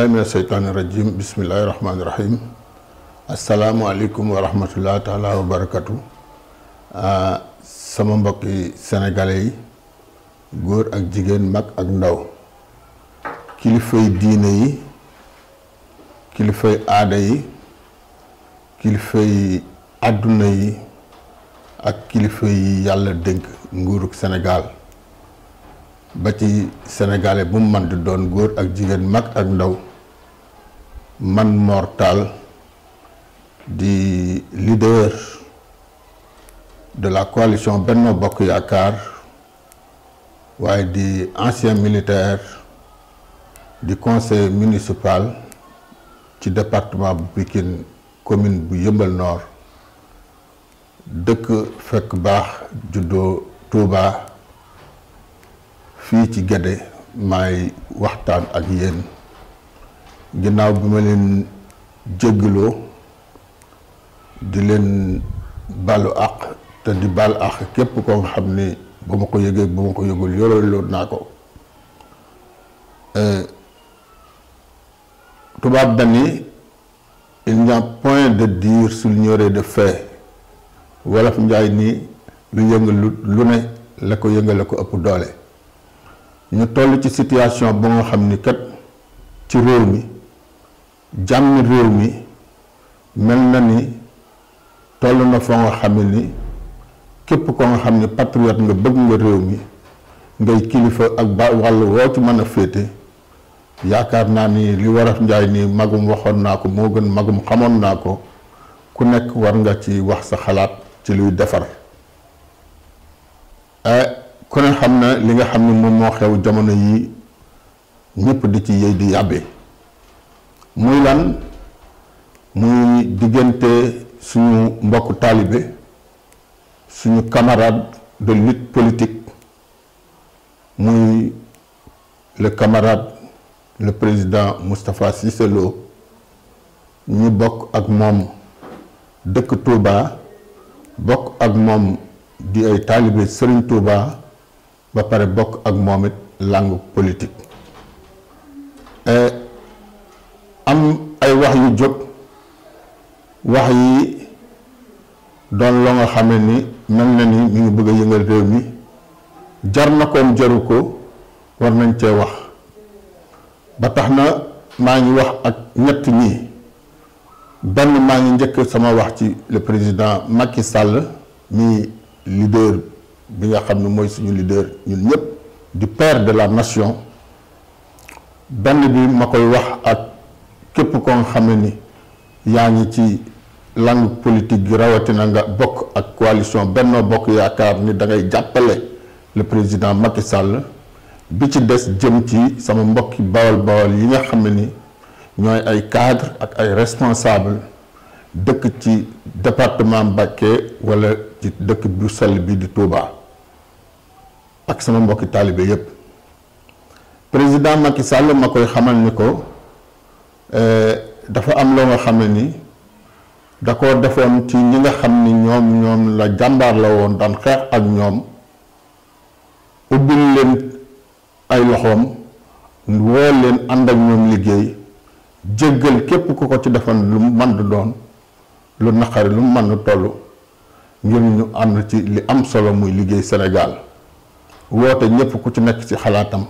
billahi min asheytaani rajim bismillahi rahmaani rahim asalaamualeykum wa rahmatullah taala ah, sama mbokki sénégalais yi góor ak jigéen mag ak ndaw kilifay diine yi kilifay aada yi kilifay àdduna yi ak kilifa yi yàlla dénk nguurug Sénégal ba ci senegale bu mu doon góor ak jigéen mag ak ndaw man mortal di leader de la coalition Benno Bokk Yaakaar waaye di ancien militaire du conseil municipal ci département bu Pikine commune bu Yëmbal Nord dëkk fekk baax juddoo Touba fii ci Guédé maay waxtaan ak yeen ginnaaw bi ma leen jéggaloo di leen balu àq te di bal àq képp koo xam ni ba ma ko yëgee ba ma ko yëgul yoroo lool naa ko euh, tubaab dani il n'y a point de dire souligner de fait wolof njaay ni lu yëng lu ne la ko yëngale ko ëpp doole ñu toll ci situation ba nga xam ni kat ci réew mi jàmm réew mi mel na ni toll na foo nga xam ni képp koo nga xam ni patriote nga bëgg nga réew mi ngay kilifa ak ba wàll woo ci mën a féete yaakaar naa ni li waraf njaay nii magum waxoon naa ko moo gën magum xamoon naa ko ku nekk war nga ci wax sa xalaat ci luy defar eh, ku ne xam na li nga xam ne moom moo xew jamono yi ñépp di ci yëy di yàbbe muy lan muy diggante suñu mbokk taalibe suñu camarade de lutte politique muy le camarade le président Moustapha Cissé Lo ñu bokk ak moom dëkk Touba bokk ak moom di ay taalibe Serigne Touba ba pare bokk ak moom it langue politique. taxoon a jóg wax yi doon loo nga xam ne ni mel na ni mi ngi bëgg a yëngal réew mi jar na koom jaru ko war nañ cee wax ba tax na maa ngi wax ak ñett ñi benn maa ngi njëkk sama wax ci le président Macky Sall mi leader bi nga xam ne mooy suñu leader ñun ñëpp du père de la nation benn bi ma koy wax ak képp koo nga xam ne ni yaa ngi ci langue politique gi rawatina nga bokk ak coalition Benno Bokk Yaakaar ni da ngay jàppale le président Macky Sall bi ci des jëm ci sama mbokki bawal bawal yi nga xam ne ni ñooy ay cadre ak ay responsable dëkk ci département Mbacké walla ci dëkk bu sell bi di Touba ak sama mbokki taalibe yépp président Macky ma koy xamal ni ko Euh, dafa am loo nga xam ne ni da ko defoon ci ñi nga xam ni ñoom ñoom la jàmbaar la woon daan xeex ak ñoom ubbil leen ay loxoom woo leen ànd ak ñoom liggéey jéggal képp ku ko ci defoon lu mën doon lu naqari lu mën toll ngir ñu ànd ci li am solo muy liggéey Sénégal woote ñépp ku ci nekk ci xalaatam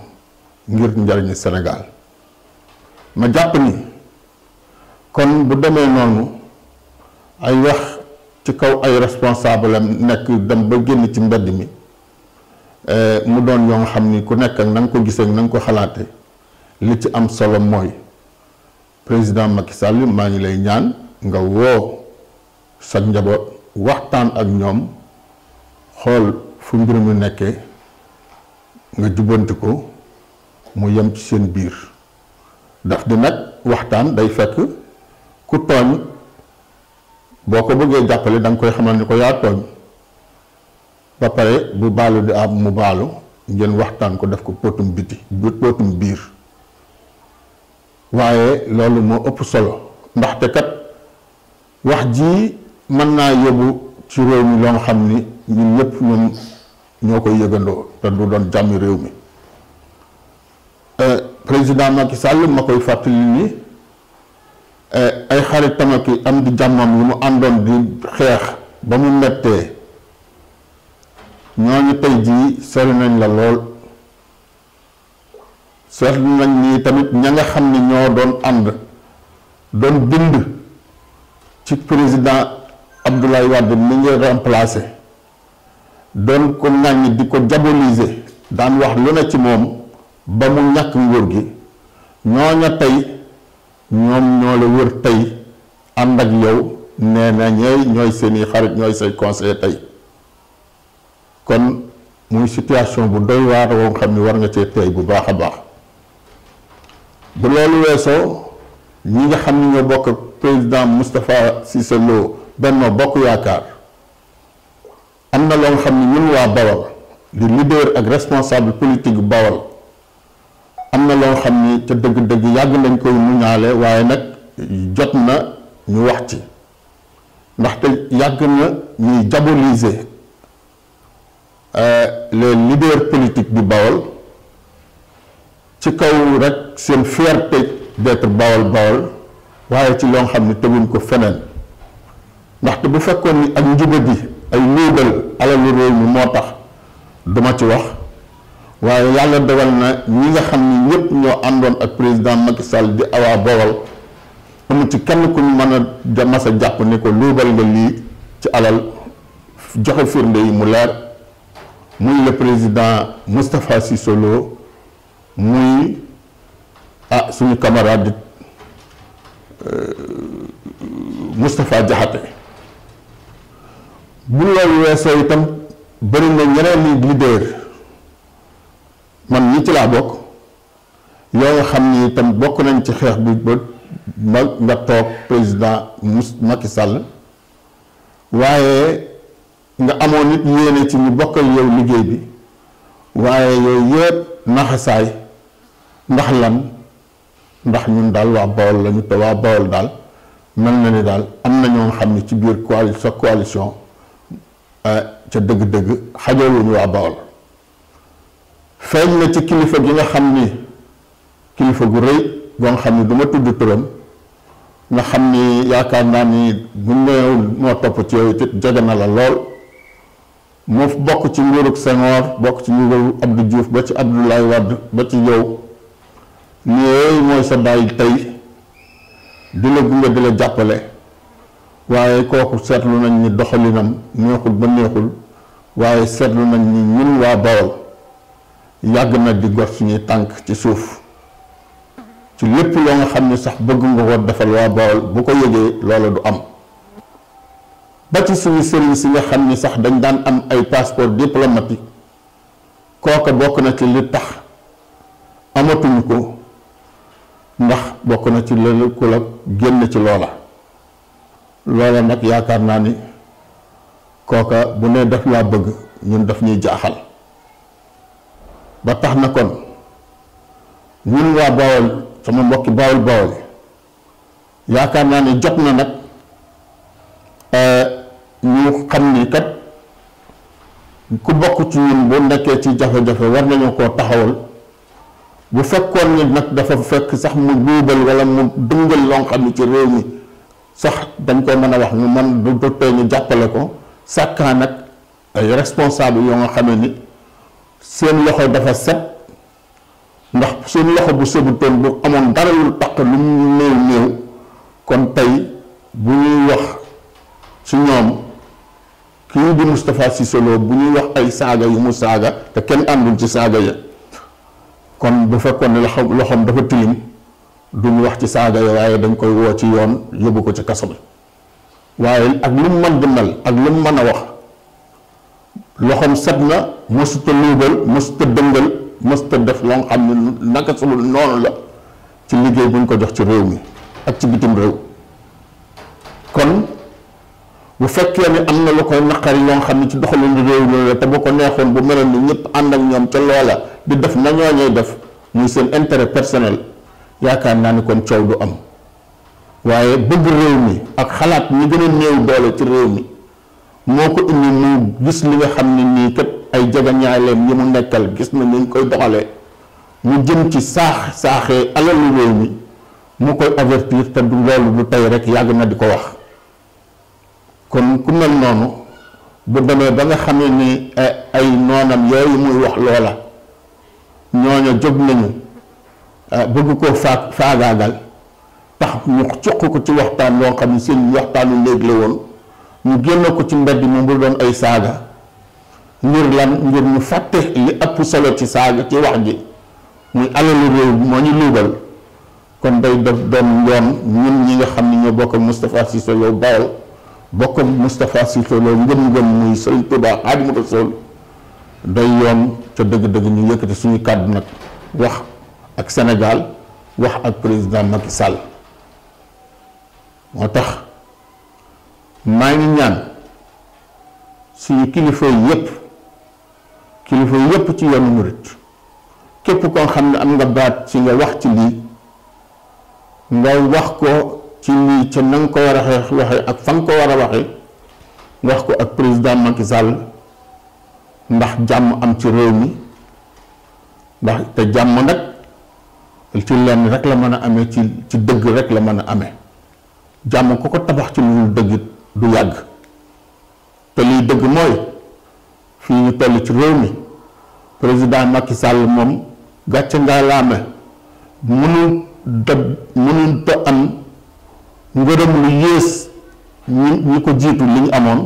ngir njariñu Sénégal ma jàpp ni kon bu demee noonu ay wax ci kaw ay responsable am nekk dem ba génn ci mbedd mi eh, mu doon yoo xam ni ku nekk ak na nga ko gisee na nga ko xalaate li ci am solo mooy président Macky Sall maa ngi lay ñaan nga woo sa njaboot waxtaan ak ñoom xool fu mbir mu nekkee nga jubbanti ko mu yem ci seen biir daf di nag waxtaan day fekk ku tooñ boo ko bëggee jàppale danga nga koy xamal ni ko yaa tooñ ba pare bu baalu di am mu baalu ngeen waxtaan ko def ko póotum biti póotum biir waaye loolu moo ëpp solo ndaxte kat wax ji mën naa yóbbu ci réew mi loo xam ni ñun ñëpp ñun ñoo koy yëgandoo te du doon jàmm réew mi président Macky sàll ma koy fàttali ni eh, ay xaritam ak am di jàmmam lu mu àndoon di xeex ba mu mettee ñoo ñooñu tey jii sori nañ la lool seetlu nañ nii tamit ña nga xam ni ñoo doon ànd doon bind ci président Abdoulaye Wade mi ngi remplacé doon ko ŋàññ di ko diaboliser daan wax lu ne ci moom ba mu ñàkk nguur gi ñooña tey ñoom ñoo la wër tey ànd ak yow nee na ñeey ñooy seeni xarit ñooy say conseiller tey kon muy situation bu doy waar woo xam ni war nga cee tey bu baax a baax bu loolu weesoo ñi nga xam ni ñoo bokk ak président Moustapha Cissé Lo Benno Bokk Yaakaar am na loo nga xam ni ñun waa Bawal di leader ak responsable politique Bawal am na loo xam ni ca dëgg-dëgg yàgg nañ koy muñaale waaye nag jot na ñu wax ci ndaxte yàgg na ñuy diaboliser euh, les leaders politiques du Bawol ci kaw rekk seen fierté d'être Bawol Bawol waaye ci loo xam ni teguñ ko feneen ndaxte bu fekkoon ni ak njubadi ay luubal alalu réew mi moo tax duma ci wax waaye yàlla dogal na ñi nga xam ni ñëpp ñoo àndoon ak président Macky Sall di awaa boobal amu ci kenn ku ñu mën a mas a jàpp ni ko luubal nga lii ci alal joxe firnde yi mu leer muy le président Moustapha si solo muy ah suñu camarade euh, Moustapha Diakhaté bu loolu weesoo itam laa bokk yoo nga xam ni itam bokk nañ ci xeex bi ba ma nga toog président mus Macky Sall waaye nga amoon nit yéene ci ñu bokkal yow liggéey bi waaye yooyu yëpp naxasaay ndax lan ndax ñun daal waa Bawol lañu te waa Bawol daal mën na ni daal am na ñoo xam ne ci biir coalition sa euh, ca dëgg-dëgg xajoo wuñu waa Bawol feeñ na ci kilifa bi nga xam ni kilifa gu rëy boo nga xam ni duma ma tudd turam nga xam ni yaakaar naa ni bu néewul moo topp ci yooyu jege na la lool mu bokk ci nguurug Senghor bokk ci nguurug Abdou Diouf ba ci Abdoulaye Wade ba ci yow ni yooyu mooy sa bàyyi tey di la gunge di la jàppale waaye kooku seetlu nañ ni doxalinam neexul ba neexul waaye seetlu nañ ni ñun waa Bawol yàgg na di gor suñuy tànk ci suuf ci lépp loo nga xam ne sax bëgg nga ko defal waa Bawol bu ko yëgee loola du am ba ci suñu sëriñ si nga xam ni sax dañ daan am ay passeport diplomatique kooka bokk na ci li tax amatuñu ko ndax bokk na ci lël ku la génn ci loola loola nag yaakaar naa ni kooka bu ne def laa bëgg ñun daf ñuy jaaxal ba tax na kon ñun waa Bawol sama mbokki Bawol Bawol yaakaar naa ne jot na nag euh, ñu xam ni kat ku bokk ci ñun bu nekkee ci jafe-jafe war nañu ko taxawal bu fekkoon ni nag dafa fekk sax mu buubal wala mu dungal loo xam ne ci réew mi sax dañ ko mën a wax ñu man du tey ñu jàppale ko sàkkaa nag ay responsable yoo nga xamee ni seen loxo dafa set ndax seen loxo bu sëbutoon bu amoon dara lu taq lu mu néew néew kon tey bu ñuy wax ci ñoom kii di Moustapha si Lo bu ñuy wax ay saaga yu mu saaga te kenn àndul ci saaga ya kon bu fekkoon ne loxo loxoom dafa tilim duñu wax ci saaga ya waaye dañ koy woo ci yoon yóbbu ko ci kaso bi waaye ak lu mu mën di ak lu mu mën a wax loxoom set na mosut a luubal mosut a dëngal mosut a def loo xam ne naka su noonu la ci liggéey bu ñu ko jox ci réew mi ak ci bitim réew kon bu fekkee ni am na lu koy naqari loo xam ne ci doxalinu réew mi la te bu ko neexoon bu meloon ni ñëpp ànd ak ñoom ca loola di def na ñooñuy def muy seen intérêt personnel yaakaar naa ni kon coow du am waaye bëgg réew mi ak xalaat ñi gën a néew doole ci réew mi. moo ko indi mu gis li nga xam ne nii kat ay jegeñaaleem yi mu nekkal gis na ni ñu koy doxalee mu jëm ci saax saaxee alalu réew mi mu koy avertir te du loolu du tey rek yàgg na di ko wax kon ku mel noonu bu demee ba nga xamee ni eh, ay noonam yooyu muy wax loola ñooñu jóg nañu eh, bëgg koo faag faagaagal tax ñu cuq ko ci waxtaan loo xam ne seen waxtaanu léeg la woon ñu génn ko ci mbedd moom bu doon ay saaga ngir lan ngir ñu fàtte li ëpp solo ci saaga ci wax ji muy alalu réew moo ñu luubal kon day def doon yoon ñun ñi nga xam ne ñoo bokk ak Moustapha Cissé Lo Bawol bokk ak Moustapha Cissé Lo ngëm-ngëm muy Sëriñ Tuubaa Xaadimu Rasuul day yoon ca dëgg-dëgg ñu yëkkati suñu kàddu nag wax ak Sénégal wax ak président Macky Sall moo tax maa ngi ñaan suñu kilifa yépp kilifa yépp ci yoonu murit képp koo xam ne am nga baat ci nga wax ci lii nga wax ko ci lii ca na ko war a waxee ak fa nga ko war a waxee wax ko ak président Macky Sall ndax jàmm am ci réew mi ndax te jàmm nag ci lenn rek la mën a ame ci ci dëgg rek la mën a amee jàmm ko ko tabax ci lu dul dëgg du yàgg te liy dëgg mooy fii ñu toll ci réew mi président Macky sàll moom gàcce ngaa laame mënul da mënul da am ngërëm lu yées ñi ñi ko jiitu li ñu amoon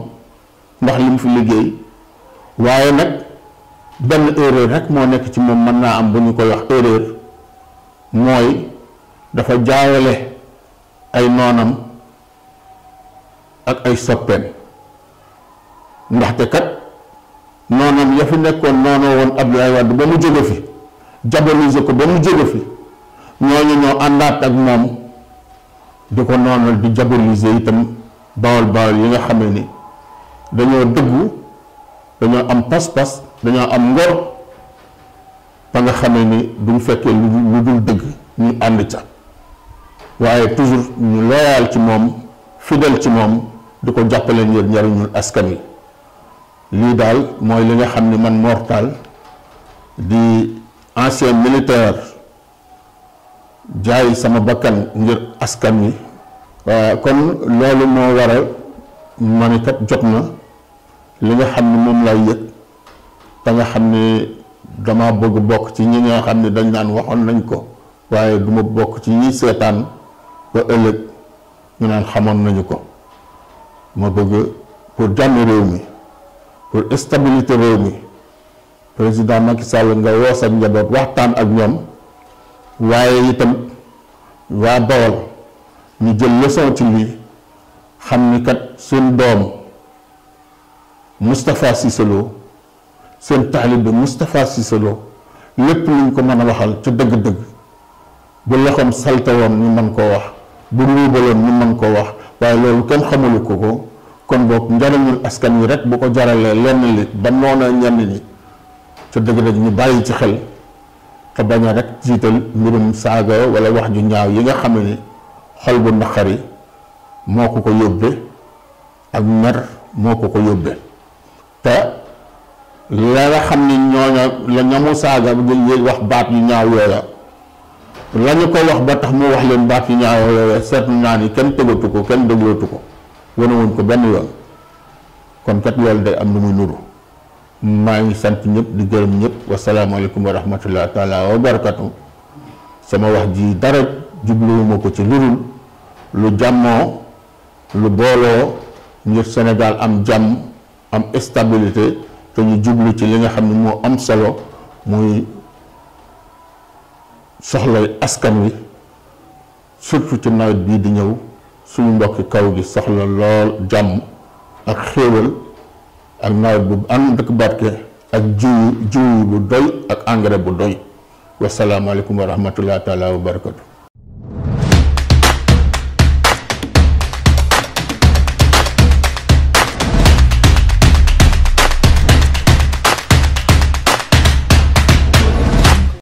ndax li mu fi liggéey waaye nag benn erreur rek moo nekk ci moom mën naa am bu ñu ko wax erreur mooy dafa jaayale ay noonam ak ay soppeem ndaxte kat noonam ya fi nekkoon noonoo woon Abdoulaye Wade ba mu jóge fi diaboliser ko ba mu jóge fi ñooñu ñoo àndaat ak moom di ko noonal di diaboliser itam bawal bawal yi nga xamee ni dañoo dëggu dañoo am pas-pas dañoo am ngor ba nga xamee ni duñ fekkee lu dul dëgg ñu ànd ca waaye toujours ñu loyal ci moom fidèle ci moom du ko jàppale ngir njariñul askan wi lii daal mooy li nga xam ni man Mor Tall di ancien militaire jaay sama bakkan ngir askan wi euh, kon loolu moo waral ma ne jot na li nga xam ni moom lay yëg te nga xam ni dama bëgg bokk ci ñi nga xam ni dañ naan waxoon nañ ko waaye duma bokk ci ñi seetaan ba ëllëg ñu naan xamoon nañu ko ma bëgg pour jàmm réew mi pour stabilité réew mi président Macky Sall nga woo sa njaboot waxtaan ak ñoom waaye itam waa Bawol ñu jël leçon ci lii xam ni kat seen doom Moustapha Cissé Lo seen taalibe Moustapha Cissé solo lépp luñ ko mën a waxal ca dëgg-dëgg bu loxoom salte woon ñu mën koo wax bu ruubaloon ñu mën ko wax waaye loolu kenn xamalu ko ko kon boog njariñul askan wi rek bu ko jaralee lenn li ba noona ñenn ñi te dëgg-dëgg ñu bàyyi ci xel te bañ a rek jiital mbirum saaga wala wax ju ñaaw yi nga xam ni xol bu naqari moo ko ko yóbbe ak mer moo ko ko yóbbe te la nga xam ni ñooña la ñamu saaga bu jël wax baat yu ñaaw yooya la ñu ko wax ba tax mu wax leen baat yu ñaaw seetlu naa ni kenn tëggatu ko kenn déglootu ko wanewuñ ko benn yoon kon kat loolu day am lu muy nuru maa ngi sant ñëpp di gërëm ñëpp wasalaamaaleykum wa rahmatullah taala wa barakatu sama wax ji dara jubluwuma ko ci lurul lu jàmmoo lu booloo ngir Sénégal am jàmm am stabilité te ñu jublu ci li nga xam ne moo am solo muy soxlay askan wi surtout ci nawet bii di ñëw suñu mbokki kaw gi soxla lool jàmm ak xéewal ak nawet bu ànd ak barke ak jiw jiw bu doy ak engrais bu doy wasalaamaaleykum wa rahmatullahi taala wa barakatu